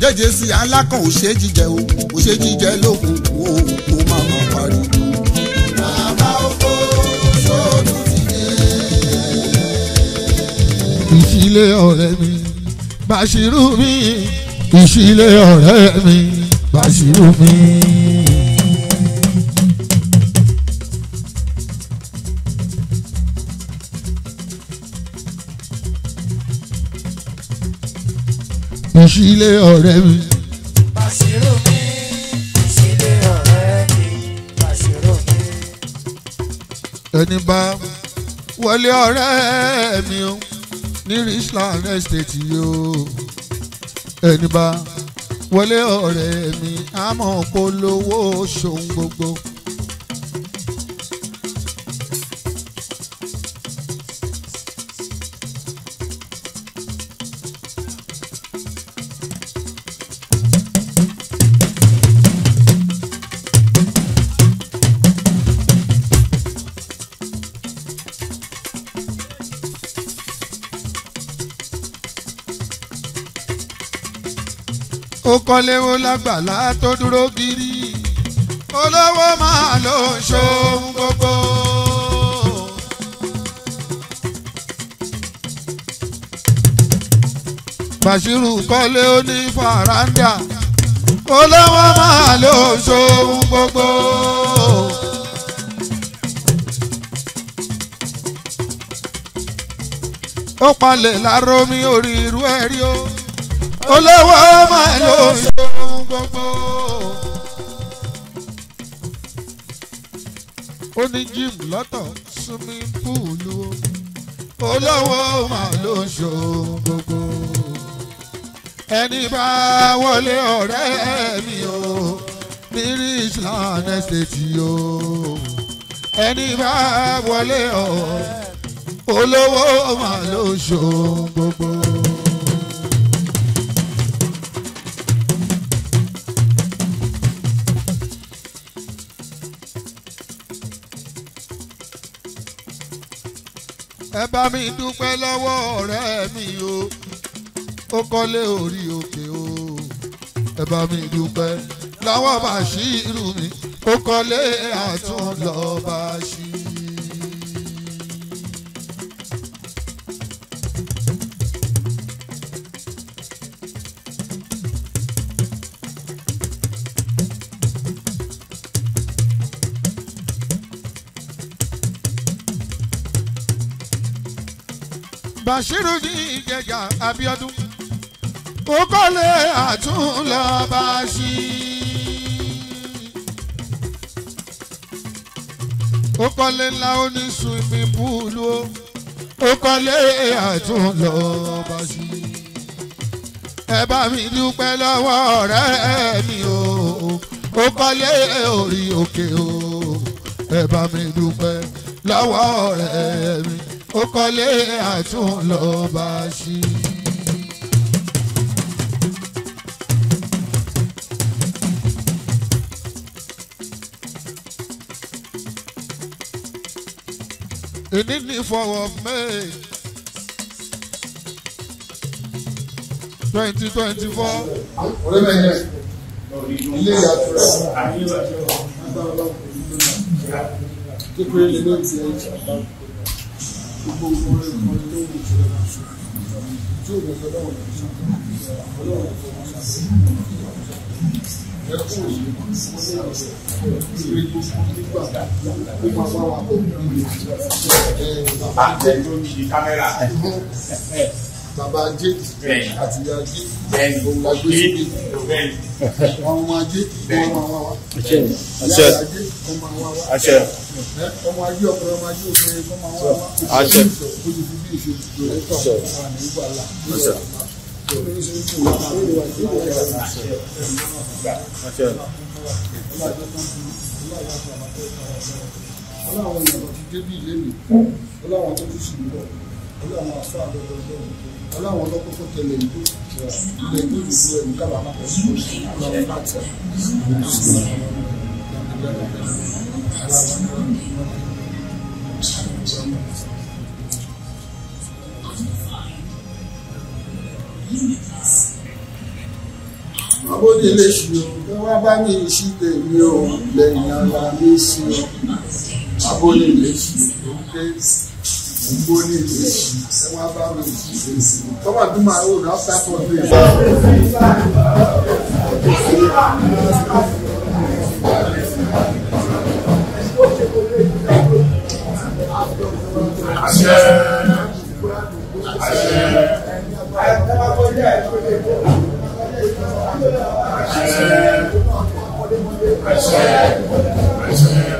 jẹ́jẹ́ sí alákàn òṣè jíjẹ o òṣè jíjẹ lókun o kò má má parí. bàbá oko sóòtú ti dé. ìṣílé ọ̀rẹ́ mi Bàṣírù mi ìṣílé ọ̀rẹ́ mi Bàṣírù mi. sílé ọ̀rẹ́ mi. Bàṣírò mi sílé ọ̀rẹ́ mi Bàṣírò mi. Ẹni bá wọlé ọ̀rẹ́ mi o ní Richland Estate yóò ẹni bá wọlé ọ̀rẹ́ mi àmọ́ polówó ṣòun gbogbo. kọ́léwó lágbàlá tó dúró gírí olówó máa ló ń gbogbo. Bashiru kọ́lé ó ní fàràǹdà olówó máa ló ń ṣohun gbogbo. ó palẹ̀ láró mi orí irú ẹ̀rí o olówó máa ló ṣeun gbogbo. ó ní gym lọ́tọ̀ swimming pool o olówó máa ló ṣeun gbogbo. ẹni bá wọlé ọ̀rẹ́ mi o mirish land estate o ẹni bá wọlé ọ̀rẹ́ olówó máa ló ṣeun gbogbo. ẹ bá mi dúpẹ́ lọ́wọ́ ọ̀rẹ́ mi o ó kọ́lé orí òkè o ẹ bá mi dúpẹ́ lọ́wọ́ Bàṣírù mi ó kọ́lé àtúnlọ́ba ṣe. Bashiru ní ìjẹjà Abíọ́dún ó kọ́lé àtúnlọ́ba sí i. ó kọ́lé ńlá ó ní swimming pool o ó kọ́lé àtúnlọ́ba sí i. ẹ bá mi dúpẹ́ lọ́wọ́ ọ̀rẹ́ mi o ó kọ́lé orí òkè o ẹ bá mi dúpẹ́ lọ́wọ́ ọ̀rẹ́ mi ó kọ́lé àtúnlọ́ba sí i. ìní ní fọwọ́ May twenty twenty four. ilé ìyàtura kíkúrẹ́ lè gbogbo ẹ̀kọ́ tó kámẹ́rà bàbá jéèkì àti ìyá jéèkì òun la gbé síbi àwọn ọmọ ajé wọn máa wá wá ìyá ajé wọn máa wá wá ọmọ ajé ọkùnrin ọmọ ajé obìnrin wọn máa wá wá ojú fi bí ìṣe dòrẹ́tọ̀ wà ní wàhálà ọlọ́run ìyàwó ti débí ìlérí ọlọ́run tó tún sì ń bọ̀ ọlọ́run àfa tẹ̀lé ìlú ilẹ̀ ìlú ìlú ẹ̀mí kábà má bọ̀ sí ọlọ́run láti Abódélé ṣùgbọ́n tí wọ́n bá ní ìṣídẹ̀ ní ohun lẹ́yìn ara ní sí ọ. Abódélé ṣùgbọ́n tí ìgbó ní ìlú èsì ẹwà bá mi ìlú èsì tọ́wọ́ bí máa wò náà fẹ́ fọ́ bí èsì. àṣẹ àṣẹ àṣẹ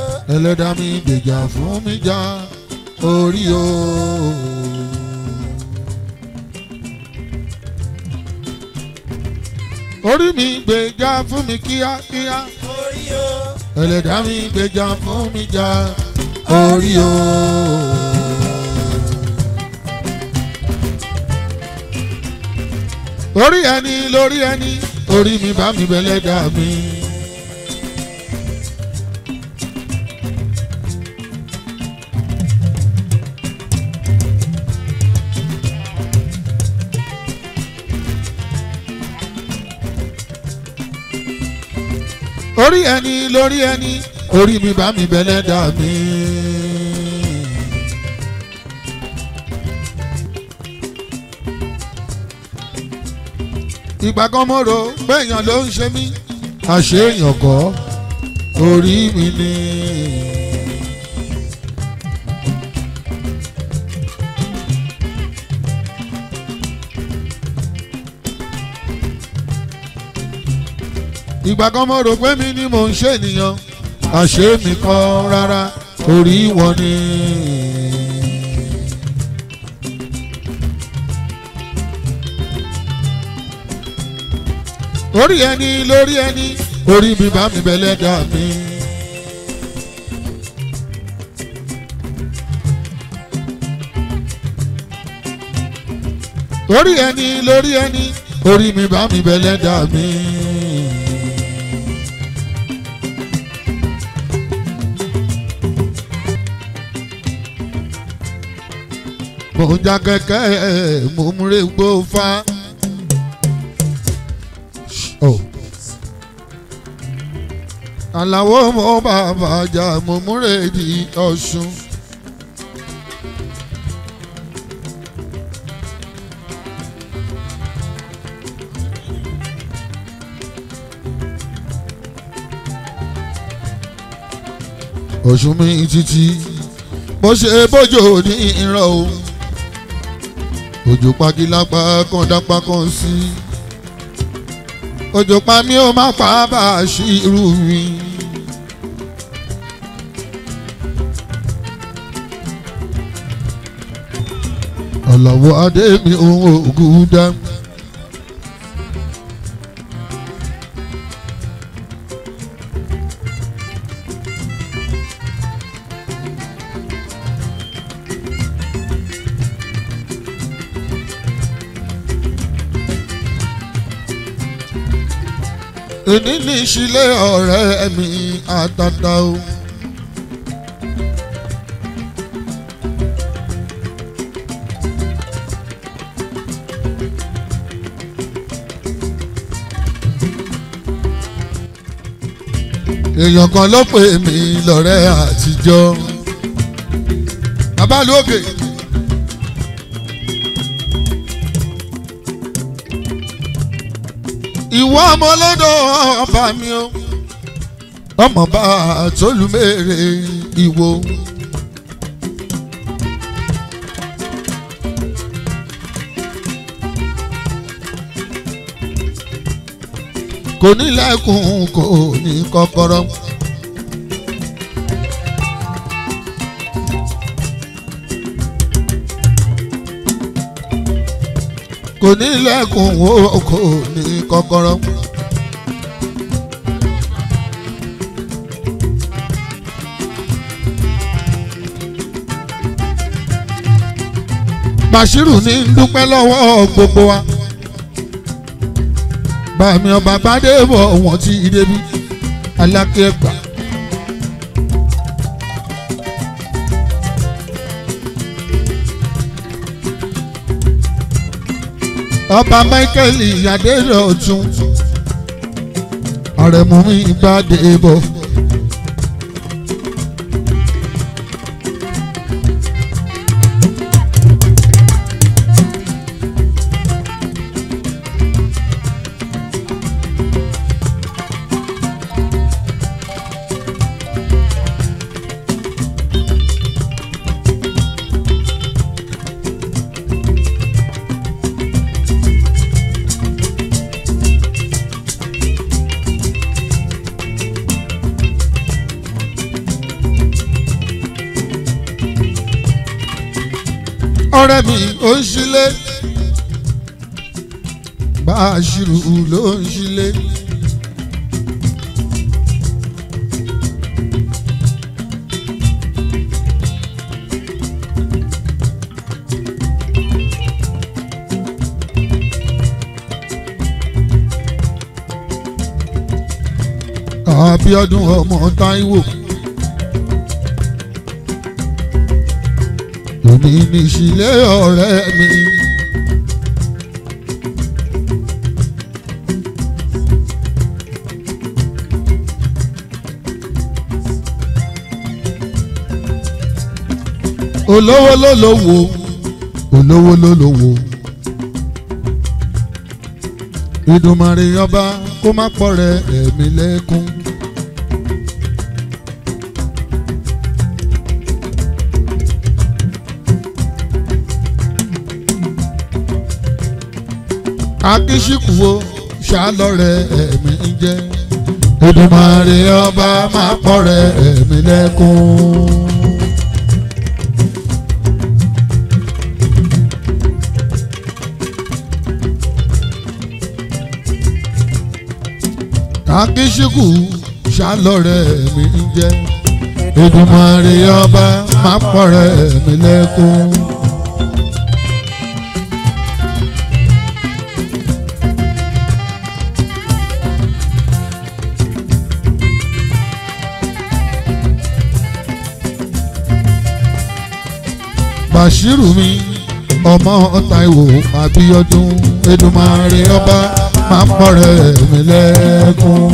ẹlẹ́dá mi gbèjà fún mi já orí o. orí mi gbèjà fún mi kíákíá orí o. ẹlẹ́dá mi gbèjà fún mi já orí o. orí ẹni lórí ẹni orí mi bá mi bẹ̀lẹ́dá mi. lórí ẹni lórí ẹni orí mi bá mi bẹ̀lẹ̀ dà mí. ìgbà kan mo rò pé èèyàn ló ń ṣe mí àṣé èèyàn kọ́ orí mi ni. ìgbà kan mo rò pé mi ni mò ń ṣènìyàn àṣé mi kọ́ rárá orí wọn ni. orí ẹni lórí ẹni orí mi bá mi bẹ̀lẹ̀ dà mí. orí ẹni lórí ẹni orí mi bá mi bẹ̀lẹ̀ dà mí. mò ń já kẹ́kẹ́ mò ń múre gbó fá. àlàó mọ bàbá jà mò ń múre di ọ̀ṣun. ọ̀ṣun mi títí bó ṣe bójú ní ìran òjò pagilápá kan dápá kan sí òjò pa mí ó má pa bá a ṣí irú mi. ọ̀làwọ̀ adé mi òun ògùn dá mi. ìní ní ìṣílẹ̀ ọ̀rẹ́ mi àtàtà o. èèyàn kan ló pè mí lọ́rẹ́ àtijọ́ abálóògè. Okay. ìwọ ọmọ lọ́dọ̀ ọba mi o ọmọ bá tolúmèrè ìwọ. kò ní lẹ́kùn kò ní kọ́kọ́rọ́. kò ní ilẹ̀kùn o kò ní kọ́kọ́rọ́. Bashiru ní dúpẹ́ lọ́wọ́ gbogbo wa bàmí ọba bá dé bọ̀ wọ́n ti débí alákẹ́gbàá. ọba Michael Adérọ̀tún àrẹ̀mú mi Gbádébọ̀. mi ó ń ṣílé bá a ṣírù ló ń ṣílé. Abíọ́dún ọmọ Táíwò. mi nìṣílé ọ̀rẹ́ mi. olówó ló lówó olówó ló wo. ìdùnmọ̀rìyànba kó má pọ̀ rẹ̀ ẹ̀mí lẹ́kún. akíṣíkù o ṣàlọ́rẹ̀ ẹ̀mí ń jẹ́ Èdùmàrè ọba máa pọ̀ rẹ̀ ẹ̀mí lẹ́kún. akíṣíkù ṣàlọ́rẹ̀ mi ń jẹ́ Èdùmàrè ọba máa pọ̀ rẹ̀ mi lẹ́kún. Bashiru mi ọmọ Táíwò Abíọ́dún Èdùmàrè ọba máa ń pọ̀rẹ́ mi lẹ́kùn.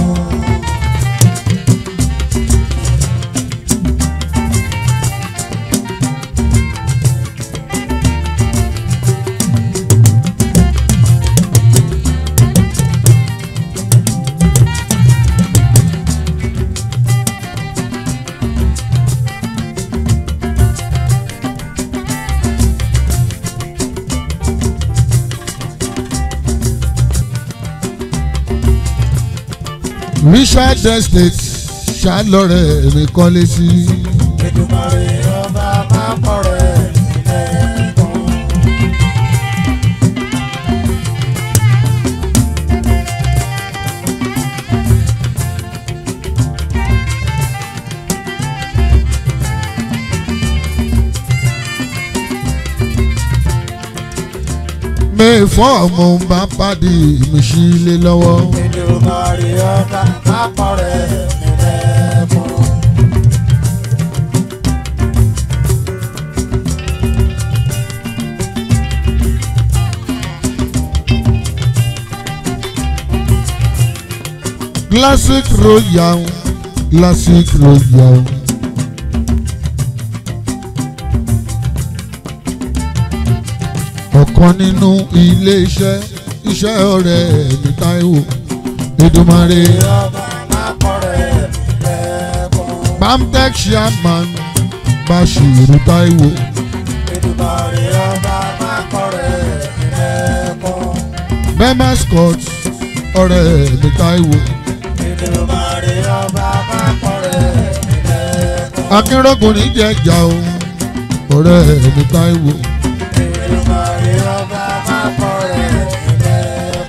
Federal Estate ṣàlọ́rẹ̀ mi kọ́lé sí. Èdùmàrè ọba àpapọ̀ rẹ̀ ẹ̀ kàn. Mẹ́fọ́ mo bá pàdé mi sílé lọ́wọ́. Èdùmàrè classic royal classic royal. ọ̀kan nínú ilé iṣẹ́ iṣẹ́ ọ̀rẹ́ mi Táíwò. Èdùmàrè. Bamtech chairman Bashiru Taiwo. Èdùmàrè ọba máa kọ̀rẹ́ Bema Scott ọ̀rẹ́ mi Taiwo. Èdùmàrè ọba máa kọ̀rẹ́ ẹ̀kọ́. o ọ̀rẹ́ mi Taiwo. Èdùmàrè ọba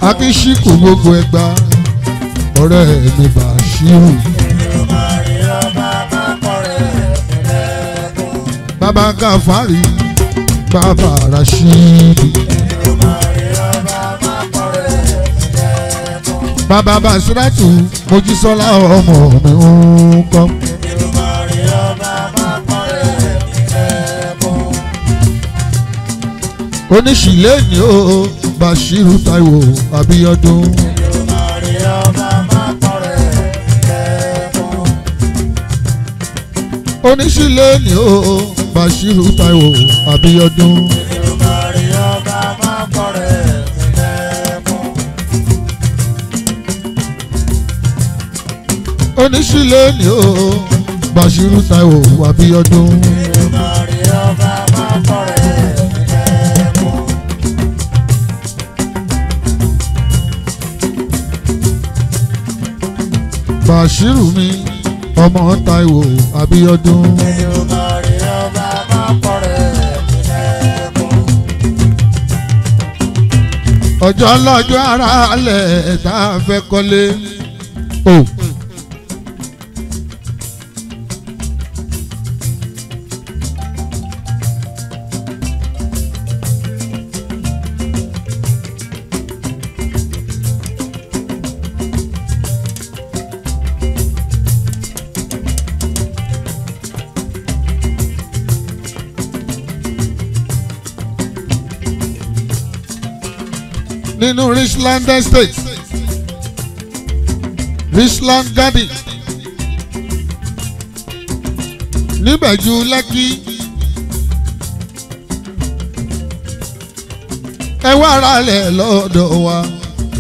máa gbogbo ẹgbàá ọ̀rẹ́ mi Bàṣírù. bàbá Gàfárì bàbá Rashidi. bàbá Basiratu Mojísọ́lá ọmọ mi ń kọ́. oníṣìlẹ̀ ni ó Bàṣírù Táíwò Abíọ́dún. oníṣìlẹ̀ ni ó Bashiru Taiwo Abíọ́dún. èmi ò bá rí ọba máa ni ó Bashiru Taiwo Abíọ́dún. èmi ò bá rí Bashiru mi ọmọ Táíwò Abíọ́dún. Olùdarí ọba máa pọ̀ rẹ̀ nílẹ̀kùn. ọjọ́ lọ́jọ́ ara alẹ̀ tá fẹ́ kọ́lé. Oh. Richland Estate Richland Garden Nibaju Lẹ́kì ẹ wá ara rẹ̀ lọ́dọ̀ wa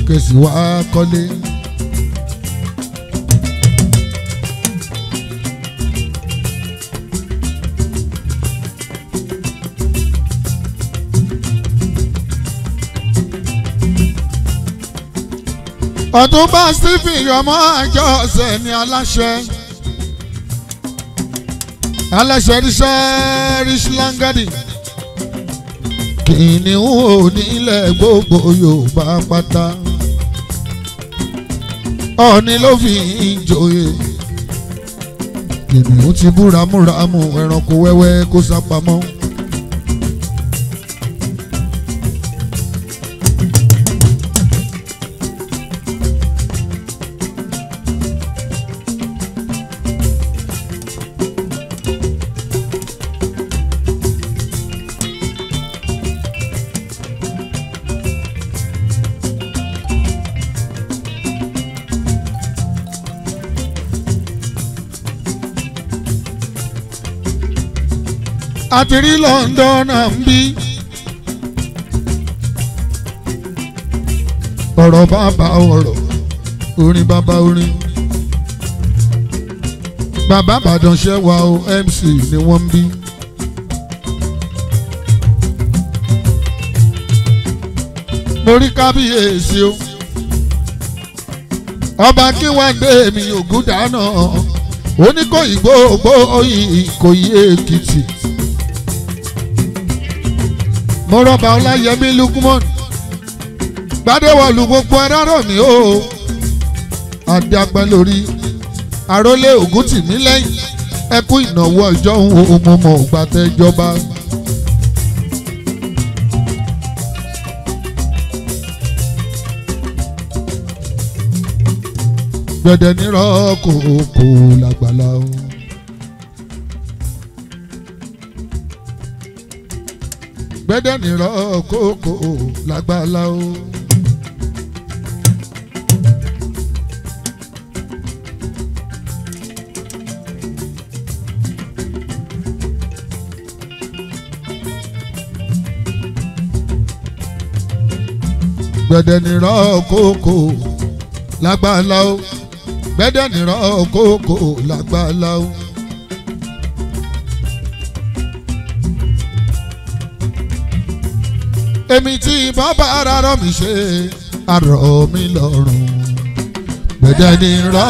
kèsì wá kọ́lé. ọ̀túnba stephen yọmọ àjọ ọ̀sẹ̀ ní aláṣẹ aláṣẹ ríṣẹ́ ríṣílángádì kìnìún onílẹ̀ gbogbo yorùbá pátá ọ̀ọ́ni ló fi ń joyè kìnìún ti bú ramúramù ẹranko wẹ́wẹ́ kó sápamọ́. àti rí London à ń bí. ọ̀rọ̀ bàbá ọ̀rọ̀ orin bàbá orin. bàbá àbàdàn ṣẹ́wà o MC ni wọ́n ń bí. mo rí kábíyèsí o ọba kí wá gbé mi ògùn dáná oníkó ìgbòho ìkòyí èkìtì mo rọba ọláyẹmí lukumon gbadewọlu gbogbo ẹrọ mi o àdàgbà lórí àrólé ògùntì mi lẹ́yìn ẹkú ìnáwó ọjọ́ òun mo mọ̀ ògbà tẹ́jọba. gbẹ̀dẹ̀ nírọ̀ kò làgbàlá o. gbẹ́dẹ̀ nìrọ̀ kókó lágbàlá o. gbẹ̀dẹ̀ nìrọ̀ kókó lágbàlá o gbẹ̀dẹ̀ nìrọ̀ kókó lágbàlá o. èmi tí bàbá ara rọ mi ṣe àrọ mi lọ́rùn gbẹ̀dẹ̀ ní rọ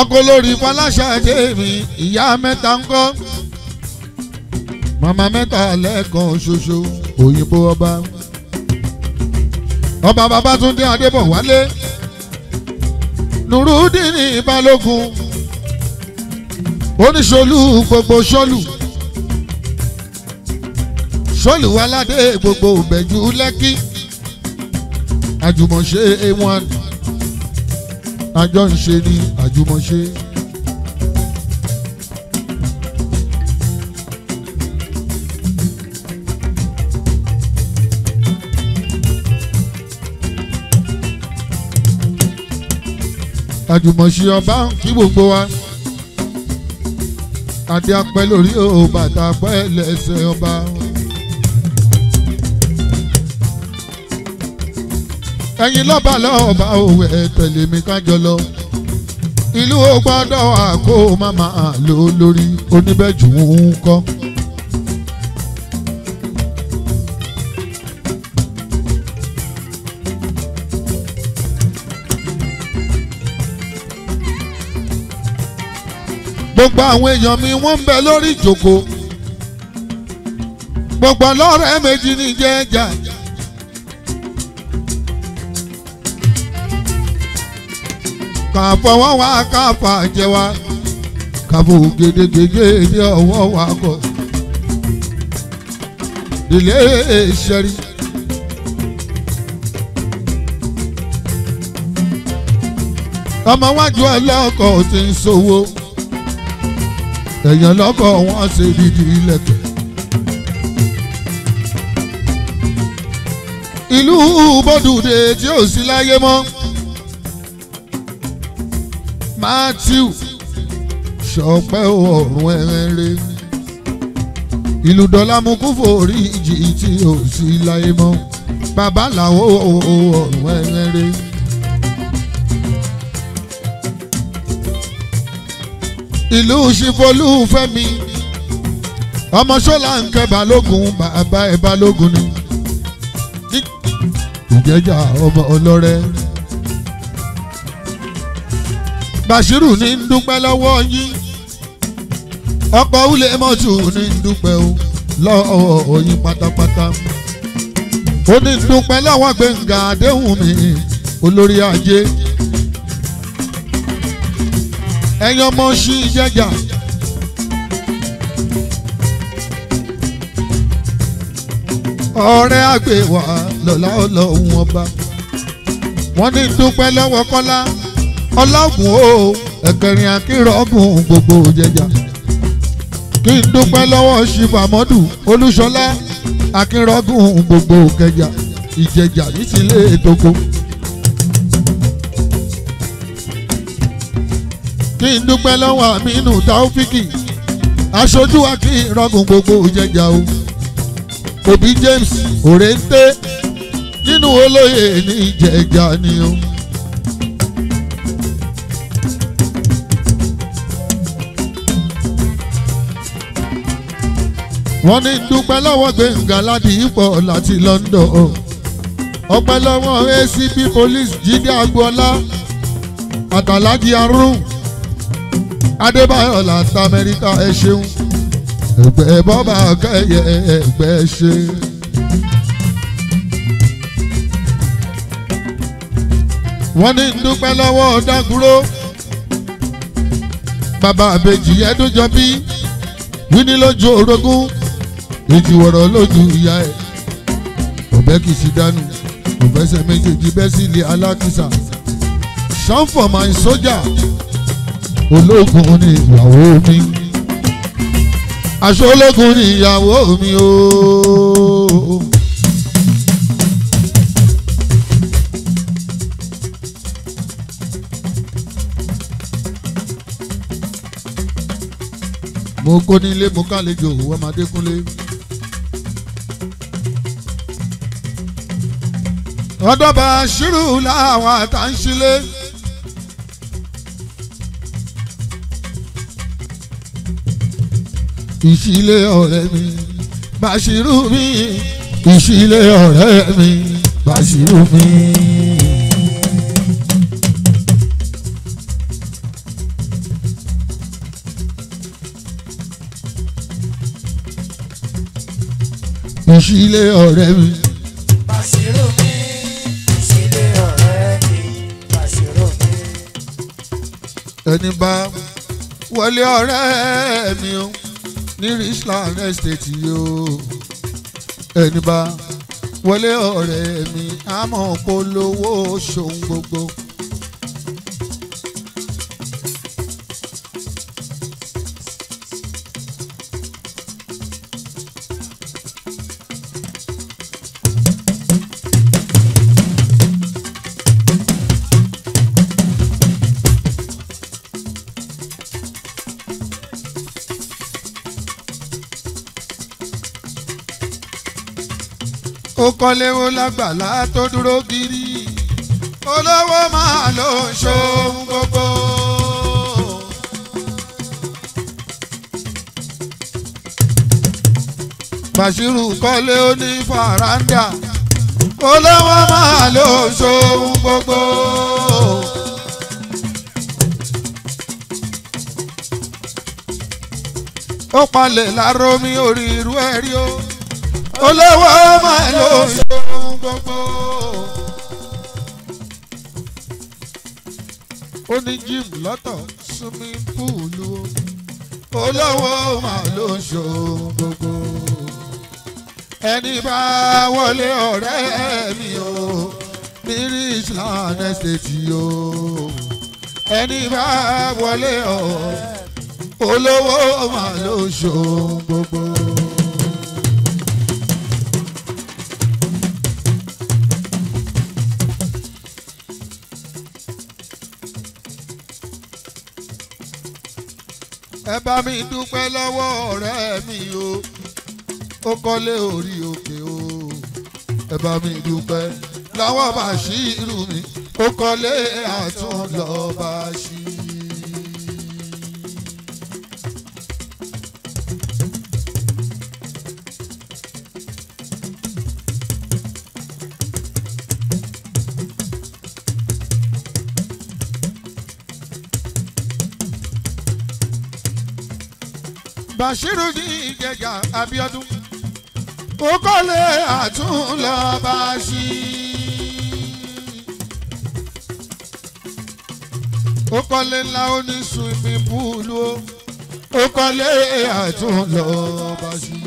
ọkọ lórí fọláṣadé mi ìyá mẹ́ta ń kọ́ màmá mẹ́ta lẹ́ẹ̀kan ṣoṣo òyìnbó ọba ọba Babátúndé Adébọ̀wálé nùrùdíní Balógun oníṣolú gbogbo ṣọlù ṣọlù aládé gbogbo bẹ̀jú lẹ́kí àjùmọ̀ṣe a1 àjọ ń ṣe ni àjùmọ̀ṣe. àjùmọ̀ṣe ọba ń kí gbogbo wa adé apẹ́ lórí o bàtà apẹ́ lẹ́sẹ̀ ọba. ẹ̀yin lọ́ba lọ́ba òwe tẹ̀lé mi kájọ lọ ìlú ó gbọ́dọ̀ àkó má máa lórí oníbẹ̀jù ń kọ́. gbogbo àwọn èèyàn mi wọ́n ń bẹ lórí ìjòkó gbogbo ọlọ́rẹ́ méjì ní jẹ́jà. kà fọwọ́ wa ká fà jẹ wa kàfọ gèdègèdè ní ọwọ́ wa kọ. ìdílé ìṣẹ́rí. ọmọ wájú ọlọ́kọ̀ ti ń ṣòwò. So èèyàn lọ́kọ̀ wọ́n ṣe dídì ilẹ̀kẹ̀. ìlú bọ́dùdé tí ò sí láyé mọ́ Matthew ṣọpẹ́ ọ̀run ẹ̀rẹ́ ìlú dọ́là mú kú forí ìjì tí ò sí láyé mọ́ bàbá làwọn ẹ̀rẹ́. ìlú ṣìfolú fẹ́mi ọmọ ṣọ́lá ńkẹ́ balógun bàbá ẹ̀ balógun ni ìjẹ́jà ọmọ ọlọ́rẹ́ Bashiru ní ń dúpẹ́ lọ́wọ́ yín ọ̀pọ̀ ulẹ̀ mọ́tò ní ń dúpẹ́ o lọ́wọ́ yín pátápátá ó ní ń dúpẹ́ lọ́wọ́ Gbẹ̀ngà Adéwùnmí olórí ajé ẹ̀yin ọmọ ṣí ìjẹjà. ọ̀rẹ́ àgbèwà lọ́lá ọlọ́run ọba wọ́n ní dúpẹ́ lọ́wọ́ kọ́lá ọlọ́gùn o ẹ̀kẹrin akínrọ́gùn gbogbo jẹjà kí n dúpẹ́ lọ́wọ́ ṣìbàmọ́dù olúṣọlá akínrọ́gùn gbogbo kẹjà ìjẹjà ní tilé ètòkò. E kí n dúpẹ́ lọ́wọ́ Aminu Taofiki aṣojú wa kí n rọgùn gbogbo jẹjà o Obi James Orente nínú olóyè ní jẹjà ni o. wọ́n ní dúpẹ́ lọ́wọ́ Gbẹ̀ngà Ládìípọ̀ láti London ọpẹ́ lọ́wọ́ ACP police Jídé Agboola àtàlájì arun Adébáyọ̀ láti Amẹ́ríkà ẹ ṣeun ẹgbẹ́ bọ́bà kẹyẹ ẹgbẹ́ ṣe. wọ́n ní ń dúpẹ́ lọ́wọ́ dákúró bàbá àbèjì ẹdúnjọ bí wíní lójú orogún ìjìwọ̀rọ̀ lójú ìyá ẹ̀ ọ̀bẹ́ kì í sí dánú ọ̀bẹ́sẹ̀ méjèèjì bẹ́sílẹ̀ alákìsà ṣàǹfọ̀ máa ń sójà ológun ni ìyàwó mi aṣọ ológun ni ìyàwó mi ooo. mo kó nílé mo kálejò òwò Adékúnlé. ọ̀dọ́bà ṣírù làwọn àtàǹṣílẹ̀. ìṣílé ọ̀rẹ́ mi Bàṣírù mi ìṣílé ọ̀rẹ́ mi Bàṣírù mi. ìṣílé ọ̀rẹ́ mi. Bàṣírù mi ìṣílé ẹni bá wọlé ọ̀rẹ́ mi o ní Richland Estate yìí o ẹni bá wọlé ọ̀rẹ́ mi àmọ́ polówó ṣòun gbogbo. akọ́léwó lágbàlá tó dúró gírí olówó máa ló ń ṣohun gbogbo. Bashiru kọ́lé ó ní fàràǹdà olówó máa ló ń ṣohun gbogbo. ó palẹ̀ láromi orí irú ẹ̀rí o olówó máa ló ṣohun gbogbo. ó ní gym lọ́tọ̀ swimming pool o olówó máa ló ṣohun gbogbo. ẹni bá wọlé ọ̀rẹ́ mi o mírí islam estate o ẹni bá wọlé ọ̀rẹ́ olówó máa ló ṣohun gbogbo. ẹ bá mi dúpẹ́ lọ́wọ́ ọ̀rẹ́ mi o ó kọ́lé orí òkè o ẹ bá mi dúpẹ́ lọ́wọ́ Bàṣírù mi ó kọ́lé àtúnlọ́ba ṣí. Bashiru di ìjẹjà Abíọ́dún ó kọ́lé àtúnlọ́ba sí ó kọ́lé ńlá oníṣùmí púùlù ó kọ́lé àtúnlọ́ba sí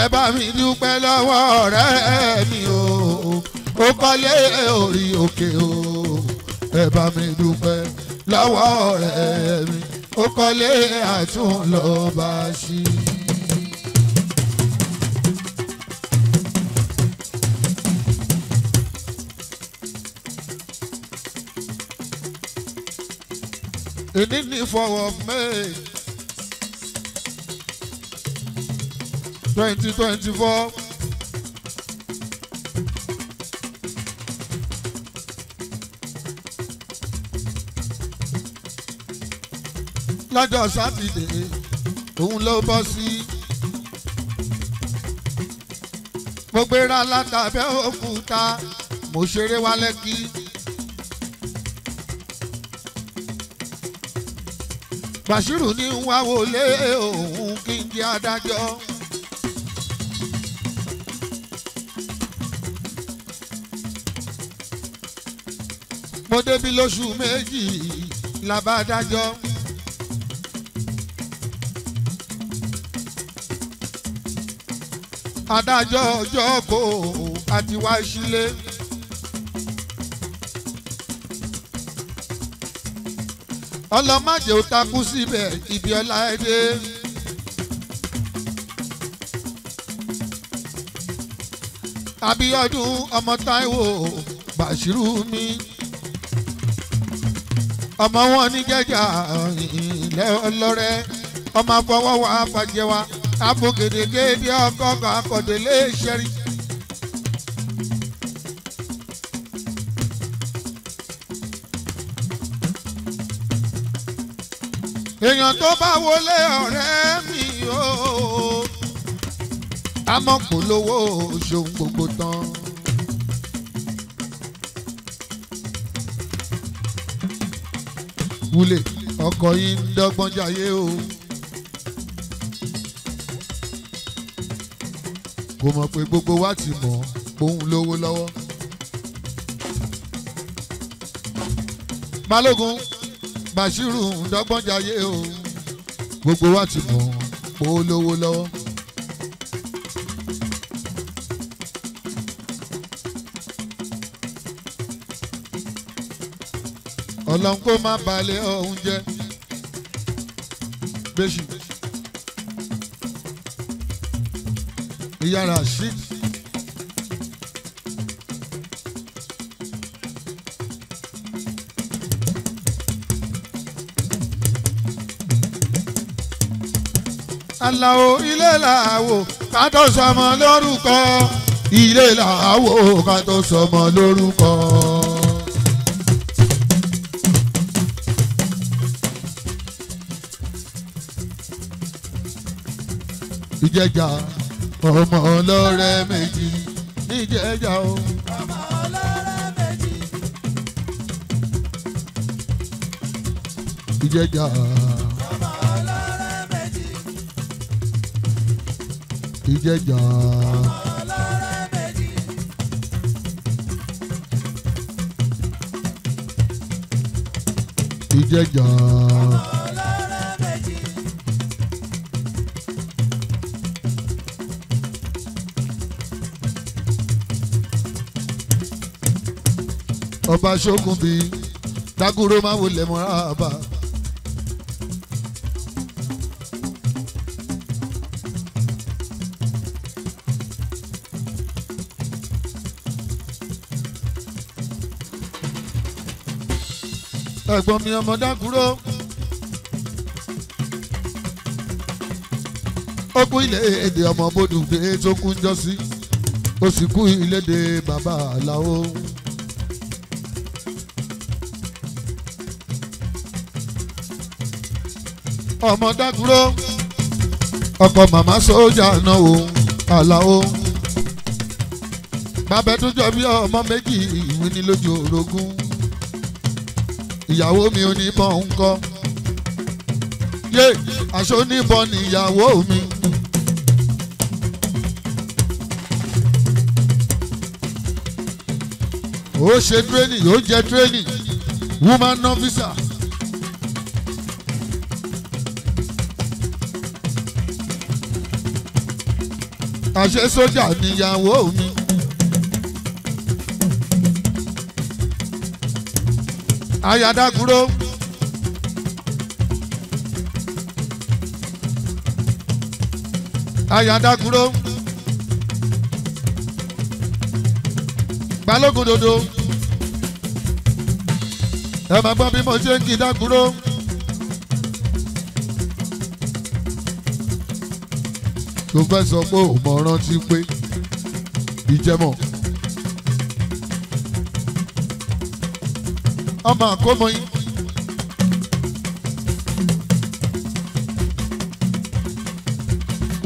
ẹ bá mi dúpẹ́ lọ́wọ́ ọ̀rẹ́ mi o ó kọ́lé orí òkè o ẹ bá mi dúpẹ́ lọ́wọ́ ọ̀rẹ́ mi ó kọ́lé àtúnlọ́ba sí. èdè ní fọwọ́ may twenty twenty four. lọ́jọ́ sátidé òun ló bọ́ sí. mo gbéra látàbẹ́ òkúta mo ṣeré wá lẹ́kì. Bàṣírù ní ń wá wọlé òun kí n jẹ́ adájọ́. mo débi lóṣù méjì làbá adájọ́ ọjọ́ kò àti wá sílé. ọlọ́mọdé ò takú síbẹ̀ ibi ọlá ẹ dé. Abíọ́dún ọmọ Táíwò Bàṣírù mi ọmọ wọn ní jẹjà ilẹ̀ ọlọ́rẹ́ ọmọ afọwọ́wà fàjẹwà abògèdèdè dé ọkọ kan akọ̀délé ìṣẹ́rin. èèyàn tó bá wọlé ọ̀rẹ́ mi o àmọ́ kò lówó ṣòun gbogbo tán. wúlé ọkọ yìí ń dọ́gbọ́n jayé o. mo mọ̀ pé gbogbo wa ti mọ̀ òun lówó lọ́wọ́. balógun bashiru ndọ́gbọ́njayé o gbogbo wa ti mọ̀ òun lówó lọ́wọ́. ọlọ́run kó má balẹ̀ ọ̀hún jẹ́ gbèsè. ìyá rasheed. aláwo ilé làwò ká tó sọmọ lórúkọ ilé làwò ká tó sọmọ lórúkọ. ìjẹjà ọmọ ọlọ́rẹ́ méjì níjẹ̀ẹ́jà o. ọmọ ọlọ́rẹ́ méjì. ìjẹ̀jà. ọmọ ọlọ́rẹ́ méjì. ìjẹ̀jà. ọmọ ọlọ́rẹ́ méjì. ìjẹ̀jà. ọmọ ọlọ́rẹ́ méjì. ọba ṣókun bíi dágúró máa wọlé mọ́ra bá. ẹ̀gbọ́n mi ọmọ dákúrò. ó kú ilé èdè ọmọ bòdùgbé tó kún ó sì kú ilé èdè bàbá aláwo. ọmọ dákúró ọkọ màmá sójà náà o àlàó bàbá tó jọ bí ọmọ méjì ìwé ní lójú orogún ìyàwó mi ò ní bọ́ ń kọ́ yé aṣọ oníbọn ni ìyàwó mi. ó ṣe tírénì yóò jẹ tírénì woman officer àṣẹ sójà níyàwó mi. ayadaguro. ayadaguro. balógun dodo. ẹ máa gbọ́ bí mo ṣe ń kí dágúró. tó fẹ́ sọ pé ò mọ̀ rántí pé ìjẹ́mọ̀. ọmọ àkómọ yín.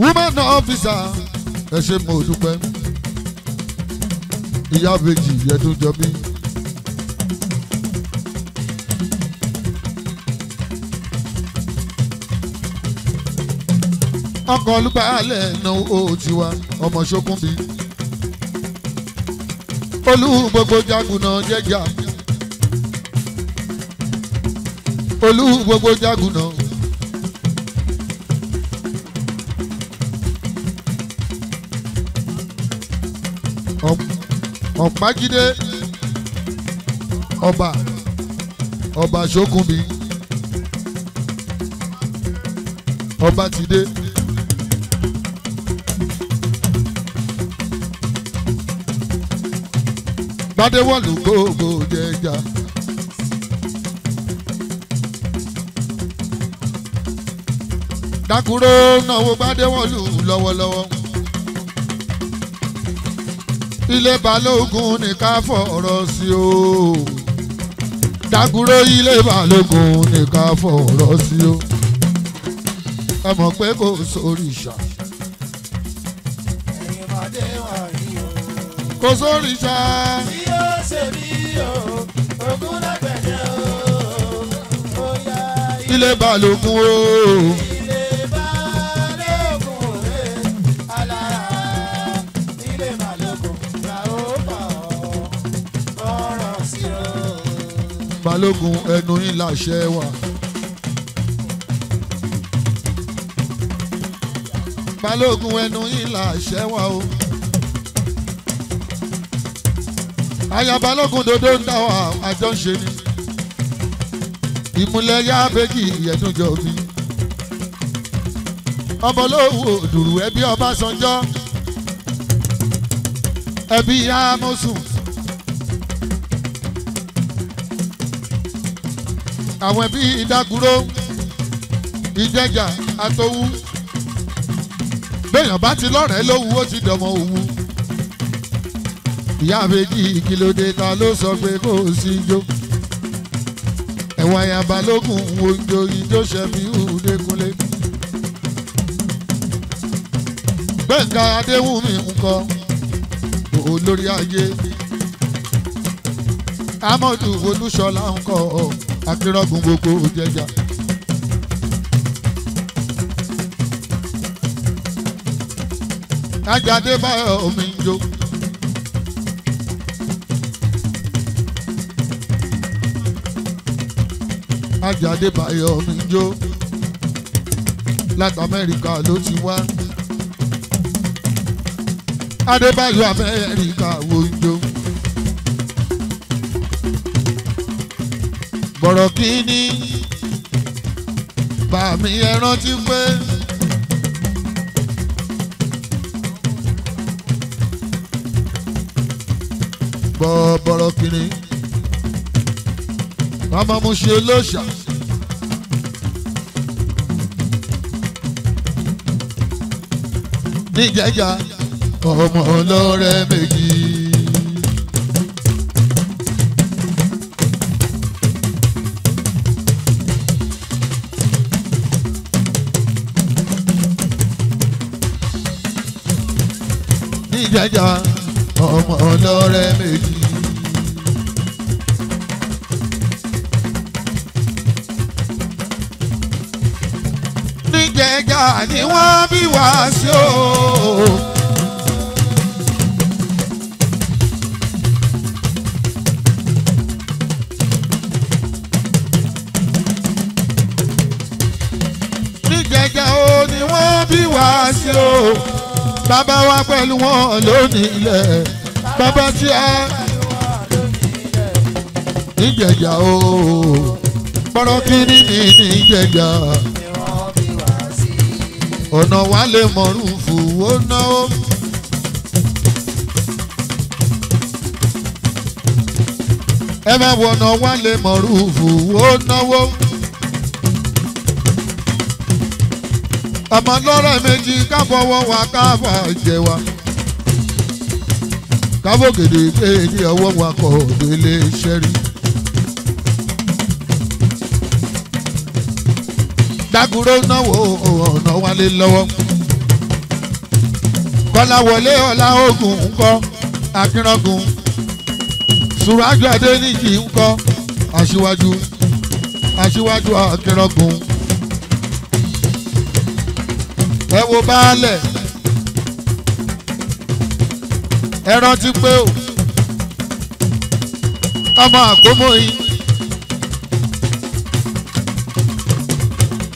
woman officer ẹ ṣe mo dúpẹ́ ìyá bèjì yẹtùjọ mi. ọkọ̀ olúbalẹ̀ náwó tiwa ọmọ ṣókùnbí. olú gbogbo jagunà jẹjà olú gbogbo jagunà. ọ̀pájídé ọba ọba ṣókùnbí ọba ti dé. gbadewọlu gbogbo jẹja. dákúrò náwó gbadewọlu lọ́wọ́lọ́wọ́. ilé balógun ní ká fọ̀rọ̀ sí o. dákúrò ilé balógun ní ká fọ̀rọ̀ sí o. ẹ mọ̀ pé kò sórí ìṣà. ẹ̀yin kò sórí ìṣà ilé balógun o. ilé balógun e alára ilé balógun ra o. balógun ẹnu yín láṣẹ wà. balógun ẹnu yín láṣẹ wà o. ayabalógun dodo ń dá wa àjọ ń ṣe ni ìmúlẹ̀ yá abẹ́jì ìyẹ̀túnjọ mi ọmọ olówó òdùrú ẹbí Ọbásanjọ́ ẹbí Amosun àwọn ẹbí ìdágúró ìjẹjà àtọwú béèyàn bá ti lọ́rẹ̀ẹ́ lówú ó ti dọ̀mọ́ òwú ìyá àbèjì ìkìlódé ta ló sọ pé kò sí jó ẹ̀wọ̀n àyàbá lókun oúnjẹ ìjó ṣẹ̀fí ìhùdékunlé. gbẹ̀ngà adéwùmí nǹkan olórí ayé amadu olúṣọlá nǹkan akérògùn gbogbo jẹjà. ajáde báyọ̀ omi ń jó. Alhaji Adébáyọ̀ mi ń jó láti Amẹ́ríkà ló ti wá Adébáyọ̀ Amẹ́ríkà wo ń jó. bọ̀rọ̀ kínní bàmí ẹ rántí pé. bọ̀rọ̀ kínní bàbá mo ṣe lóṣà. níjẹ̀jà ọmọ ọlọ́rẹ́ méjì. níjẹ̀jà ọmọ ọlọ́rẹ́ méjì. jẹjà ni wọ́n bí wá sí o. níjẹjà o ni wọ́n bí wá sí o. bàbá wa pẹ̀lú wọn lónìí ilẹ̀ bàbá tí a níjẹjà o bọ́rọ̀ kí ni ní níjẹjà. ọ̀nà wa lè mọ̀rú fùwó náwó. ẹ máa wọ ọ̀nà wa lè mọ̀rú fùwó náwó. àmọ́ lọ́rọ̀ méjì káfọwọ́ wa káfà jẹ wa. káfọ́ gèdè gbé ọwọ́ wa kọ̀ délé ṣẹ́rí. dágúró náwó ọ̀nà wálé lọ́wọ́. kọ́láwọlé ọláògùn ń kọ́ akínrọ́gùn sùràjù adéníjì ń kọ́ aṣíwájú aṣíwájú akínrọ́gùn. ẹ wo baálẹ̀ ẹ rántí pé ọmọ àkómọ́ yìí.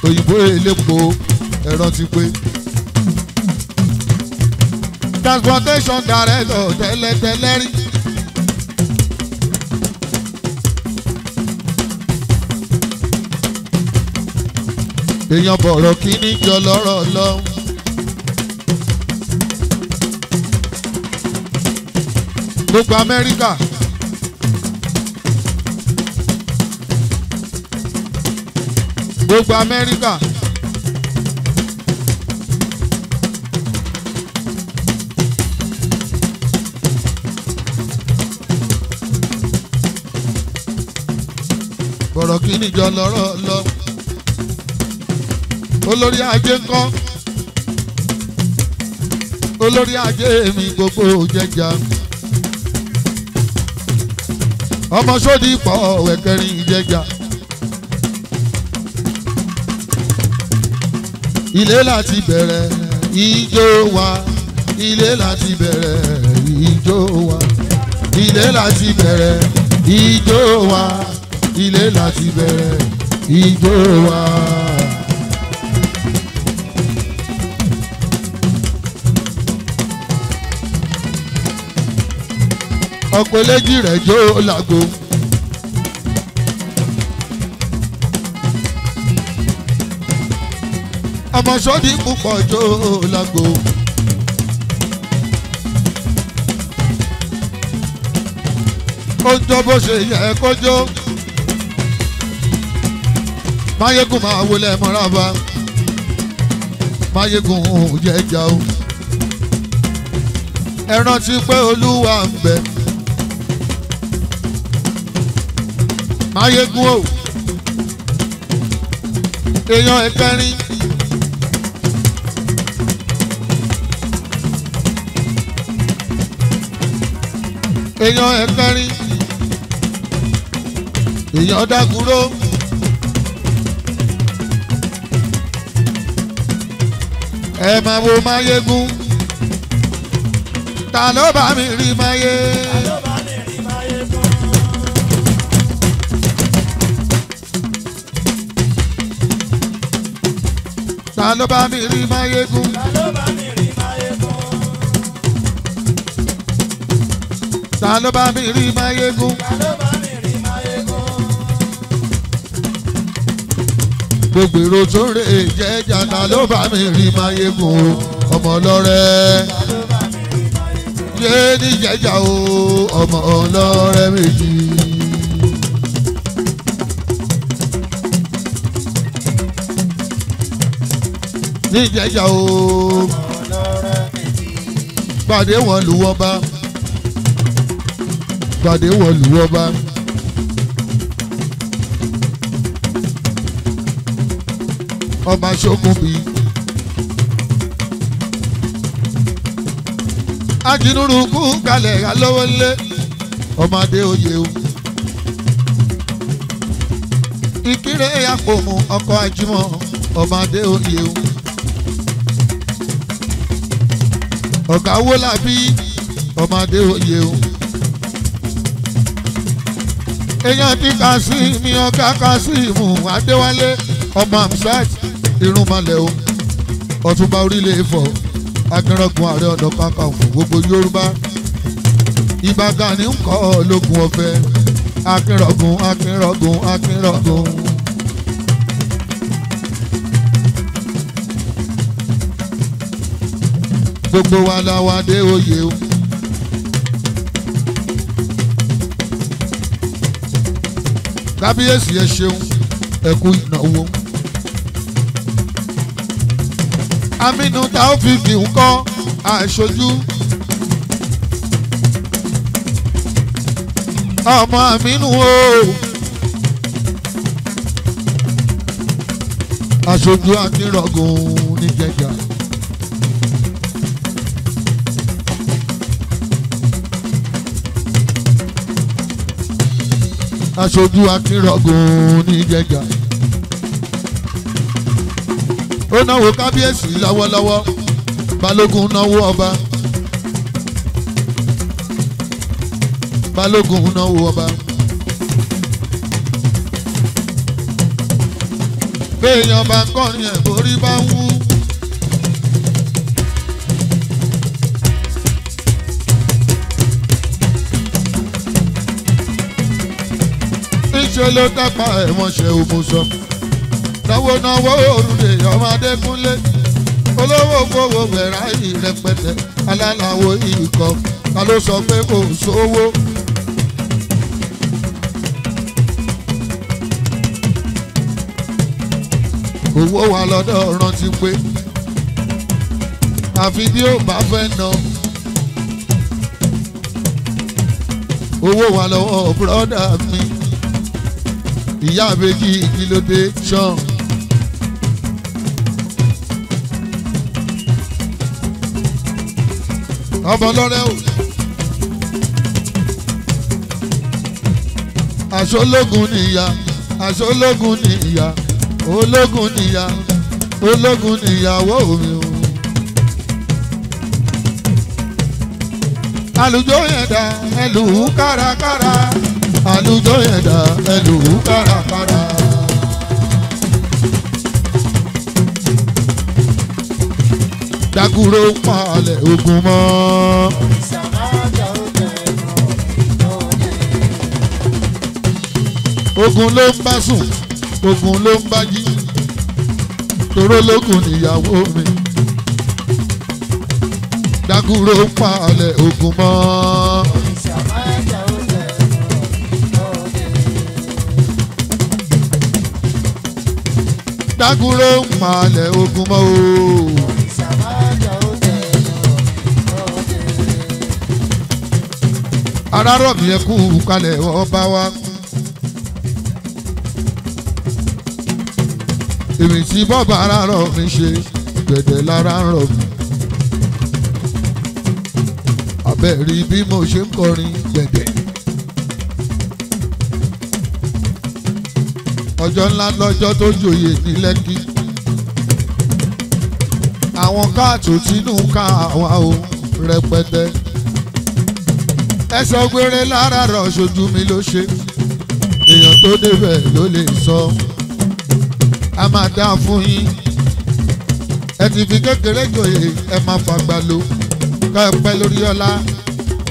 òyìnbó elépo ẹ̀rọ ti pé. transportation director tẹ́lẹ̀tẹ́lẹ̀ rí. èèyàn bọ̀rọ̀ kí ní jọ lọ́rọ̀ lọ́hùn. gbogbo Amẹ́ríkà gbogbo Amẹ́ríkà. bọ̀rọ̀ kí nìjọ lọ́rọ̀ lọ olórí ajé ńkọ́ olórí ajé mi gbogbo jẹjà ọmọ sódì pọ̀ wẹ̀kẹrin jẹjà. ilé láti bẹ̀rẹ̀ ijó wa ilé láti bẹ̀rẹ̀ ijó wa ilé láti bẹ̀rẹ̀ ijó wa ilé láti bẹ̀rẹ̀ ijó wa. ọ̀pẹ̀lẹ́jì rẹ̀ jó làgbo. ọmọ sọ́ọ́dì púpọ̀ jó lágbo. ó ń jọ bó ṣe yẹ kó jó máyégún máa wọlé mọ́ra bá máyégún jẹjà o ẹ rántí pé olúwa ń bẹ máyégún o èèyàn ẹ̀kẹrin. èèyàn ẹ̀kẹrin èèyàn dákúró. ẹ máa wo máyégún ta ló bá mi rí máyé. ta ló bá mi rí máyégún. ta ló bá mi rí máyégún. ta ló bá mi rí máyégún. gbogbo èrò tó ń rè jẹ́jà ta ló bá mi rí máyégún ọmọ ọlọ́rẹ́ yé ní jẹ́jà o ọmọ ọlọ́rẹ́ méjì. ní jẹ́jà o pàdé wọn lù wọ́n bá ìpàdé wọ̀lú ọba. ọba ṣókùnbí. ajínúrú kú kalẹ̀ alọ́wọ́ lé ọmọdé oyè o. ìkíré àpòmù ọkọ̀ ajímọ̀ ọmọdé oyè o. ọ̀gá wọ́lá bí ọmọdé oyè o èèyàn ti Kasim ọ̀gá Kasim Adéwálé ọmọ Hamzat irúnmọlẹ̀ o ọ̀túnba orílẹ̀ Ifọ̀ akínrọ̀gùn ààrẹ ọ̀nà kakanfò gbogbo Yorùbá Ìbà Gani ń kọ́ ológun ọ̀fẹ́ akínrọ̀gùn akínrọ̀gùn akínrọ̀gùn. gbogbo wa la wa dé oyè o. kábíyèsí ẹ ṣeun ẹ kú ìnáwó. aminu ta ó fi fi ń kọ́ aṣojú. ọmọ aminu o. aṣojú adirọ̀gùn ní jẹjà. aṣojú akínrọ̀gùn níjẹ̀jà. ó náwó kábíyèsí lọ́wọ́lọ́wọ́ balógun náwó ọba. balógun náwó ọba. béèyàn bá ń kọrin ẹ̀ borí bá ń wú. ṣe ló dápá ẹ̀wọ̀n ṣe òmùsọ. náwó náwó òrùlé ọmọdé kúnlé olówó fowó bẹ̀rẹ̀ ayé rẹpẹtẹ alálàwọ̀ ikọ̀ ta ló sọ pé kò sówó. owó wa lọ́dọ̀ rántí pé àfi bí ó bá fẹ́ ná. owó wa lọ́wọ́ bùrọ́dà mi ìyá àbèjì ìkìlódé ṣan. ọmọ lọ́rẹ́ o. aṣọ́lógún nìyá aṣọ́lógún nìyá ológun nìyá ológun nìyàwó mi o. àlùjọ yẹn dá ẹlù kárakára àlùjọ ẹ̀dá ẹlù kárakára. dákúrò palẹ̀ ogun mọ́. ogun ló ń bá sùn ogun ló ń bá jí toró lókun níyàwó mi dákúrò palẹ̀ ogun mọ́. ìdákúró malẹ̀ ogun mọ́ o. arárọ̀ mi yẹ kú kalẹ̀ ọba wa. èmi tí bọ́ọ̀bù arárọ̀ mi ṣe gbẹ̀dẹ̀ lára ń rọ̀ mi. abẹ́rí bí mo ṣe ń kọrin gbẹ̀dẹ̀. ọjọ́ ńlá lọ́jọ́ tó joyè ní lẹ́kì àwọn káàtó tínú ká àwa o rẹpẹtẹ ẹ sọ lára rọ ṣojú mi ló ṣe èèyàn tó débẹ̀ ló lè sọ a máa dá fún yín ẹ ti fi kékeré joyè ẹ máa fàgbà lò ká ẹ pẹ́ lórí ọlá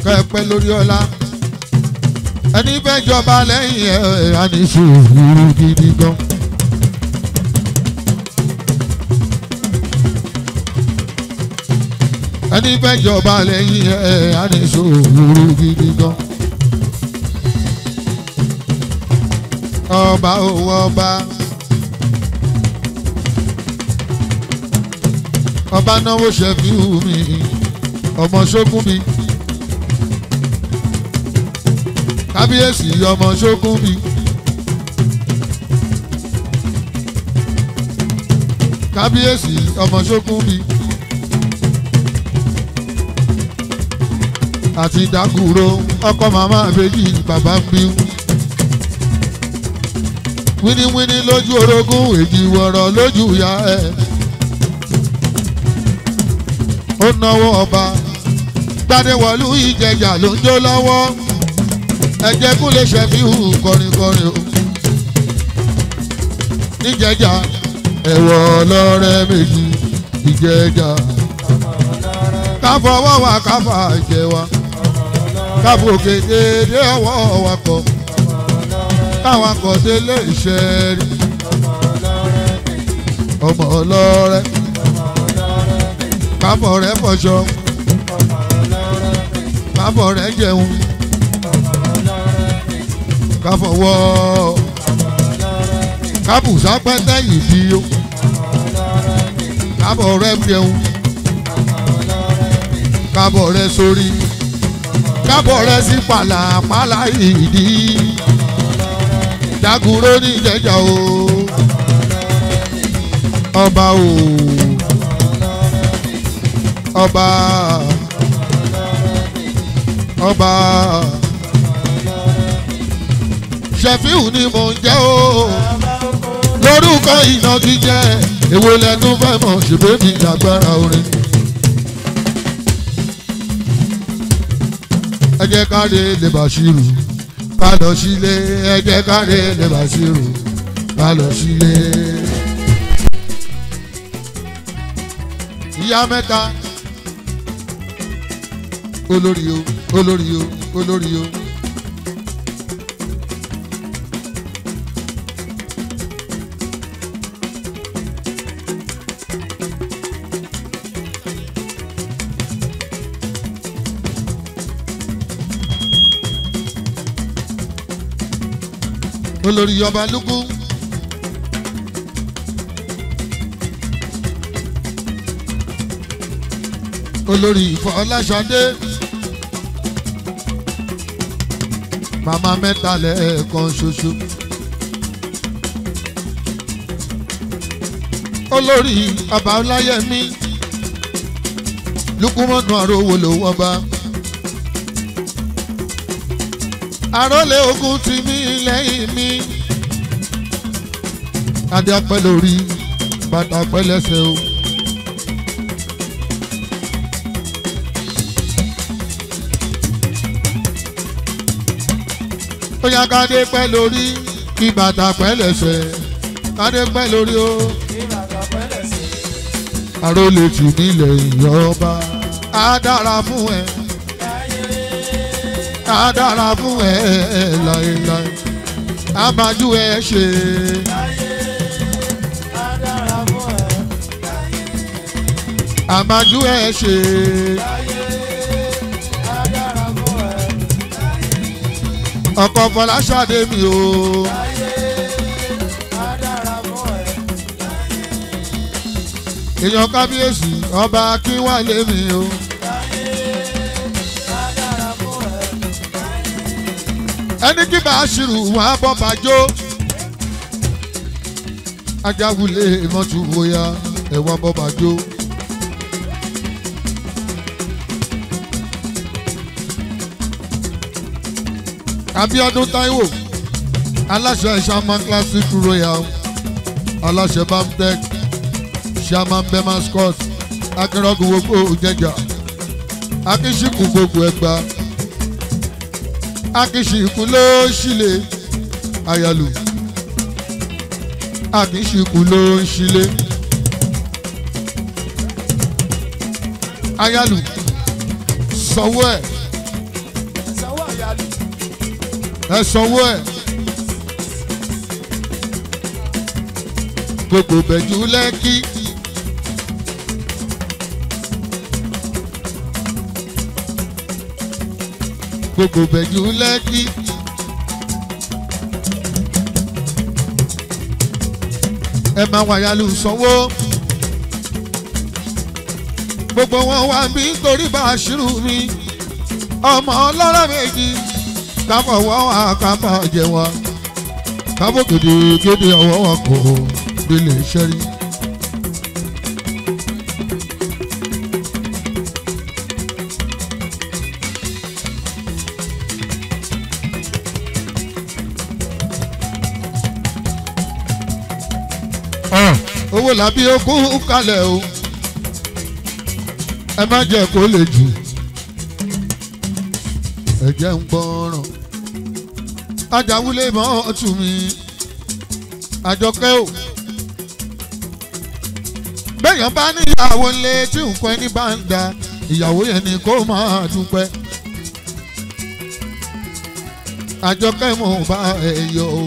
ká ẹ pẹ́ lórí ọlá ẹni fẹ́ jọba lẹ́yìn ẹ̀ á ní sùúrù gidi gan. ẹni fẹ́ jọba lẹ́yìn ẹ̀ á ní sùúrù gidi gan. ọba òun ọba. ọba náwó ṣẹ́fíù mi ọmọ ṣókùn mi. kábíyèsí ọmọ ṣókún mi. kábíyèsí ọmọ ṣókún mi. àti ìdákùrò ọkọ màmá àbẹ́jì bàbá ń bí. wíníwíní lójú orogún èjì wọ̀rọ̀ lójú ìyá ẹ̀. ó náwó ọba gbadewọlú ìjẹjà ló ń jó lọ́wọ́ ẹ jẹ́ kó lè ṣẹ̀fí hù kọrinkọrin o níjẹ̀jà ẹ̀wọ̀ ọlọ́rẹ́ méjì ìjẹ̀jà káfọwọ́ wa káfà jẹ wa káfòkè déédé ọwọ́ wa kọ káwọn akọ̀dé lè ṣe rí ọmọ ọlọ́rẹ́ káfọ̀ rẹ̀ fọṣọ káfọ̀ rẹ̀ jẹun ká fọwọ́ kábùsà pẹ́tẹ́ yìí di o kábọ̀ rẹ jẹun kábọ̀ rẹ sórí kábọ̀ rẹ sí pàlàpàlà ìdí daguro ní ìjẹjà o ọba o ọba ọba. Ṣẹ̀fíù ni mò ń jẹ́ o. lórúkọ ìnagijẹ èwo lẹ́nu fẹ́ mọ̀ ṣèbébi agbára orin. ẹ jẹ́ káre lè Bàṣírù ká lọ sílé ẹ jẹ́ káre lè Bàṣírù ká lọ sílé. ìyá mẹ́ta olórí o olórí o olórí o. torí ọba lúkú. olórí Fọláṣadé màmá mẹ́ta lẹ́ẹ̀kan ṣoṣo. olórí ọba ọláyẹmí lukumọ̀nù àròwò lòun ọba. àrólé ogun ti mí lẹ́yìn mi adé ọpẹ́ lórí bàtà ọpẹ́ lẹ́sẹ̀ o. ó yá kádé pẹ́ lórí kí bàtà pẹ́ lẹ́sẹ̀ kádé pẹ́ lórí o. àrólé tì mí lẹ́yìn ọba á dára fún ẹ á dára fún ẹ láéláé á máa jú ẹ ṣe. àmàjú ẹ ṣe. ọkọ Fọláṣadé mi o. èèyàn kábíyèsí ọba Akínwálé mi o. ẹni kí bá ṣirù wọn á bọ́ máa jó ajáwulẹ̀ ìmọ̀tú wòyà ẹ̀wọ̀n bọ́ máa jó. Abíọ́dún Táíwò aláṣẹ ìṣàmọ classic royal aláṣẹ bamtec ṣàmán bemascus akínrọ́gùn gbogbo jẹjà akínṣíkù gbogbo ẹgbàá akíṣìkù ló ṣílè àyàlù akíṣìkù ló ń ṣílè àyàlù sanwó ẹ̀ ẹ sanwó ẹ̀ gbogbo bẹ̀jú lẹ́kì. gbogbo bẹ̀jú lẹ́kì. ẹ máa wàyà lù sanwó gbogbo wọn wá bí torí bá aṣírù mi ọmọ ọlọ́rọ̀ méjì káfọ̀ wọ́n wá káfọ̀ jẹ wọn káfọ̀ gèdè gèdè ọwọ́ wọn kò délé iṣẹ́ Ọmọlábí ó kú kalẹ̀ o ẹ má jẹ́ kó lè jù ẹ jẹ́ ń gbọ́ràn ajáwúlé mọ́ ọ̀tún mi àjọkẹ́ o béèyàn bá níyàwó ńlẹ̀ tí nǹkan ẹni bá ń da ìyàwó yẹn ni kó máa dúpẹ́ àjọkẹ́ mò bá ẹ yọ o.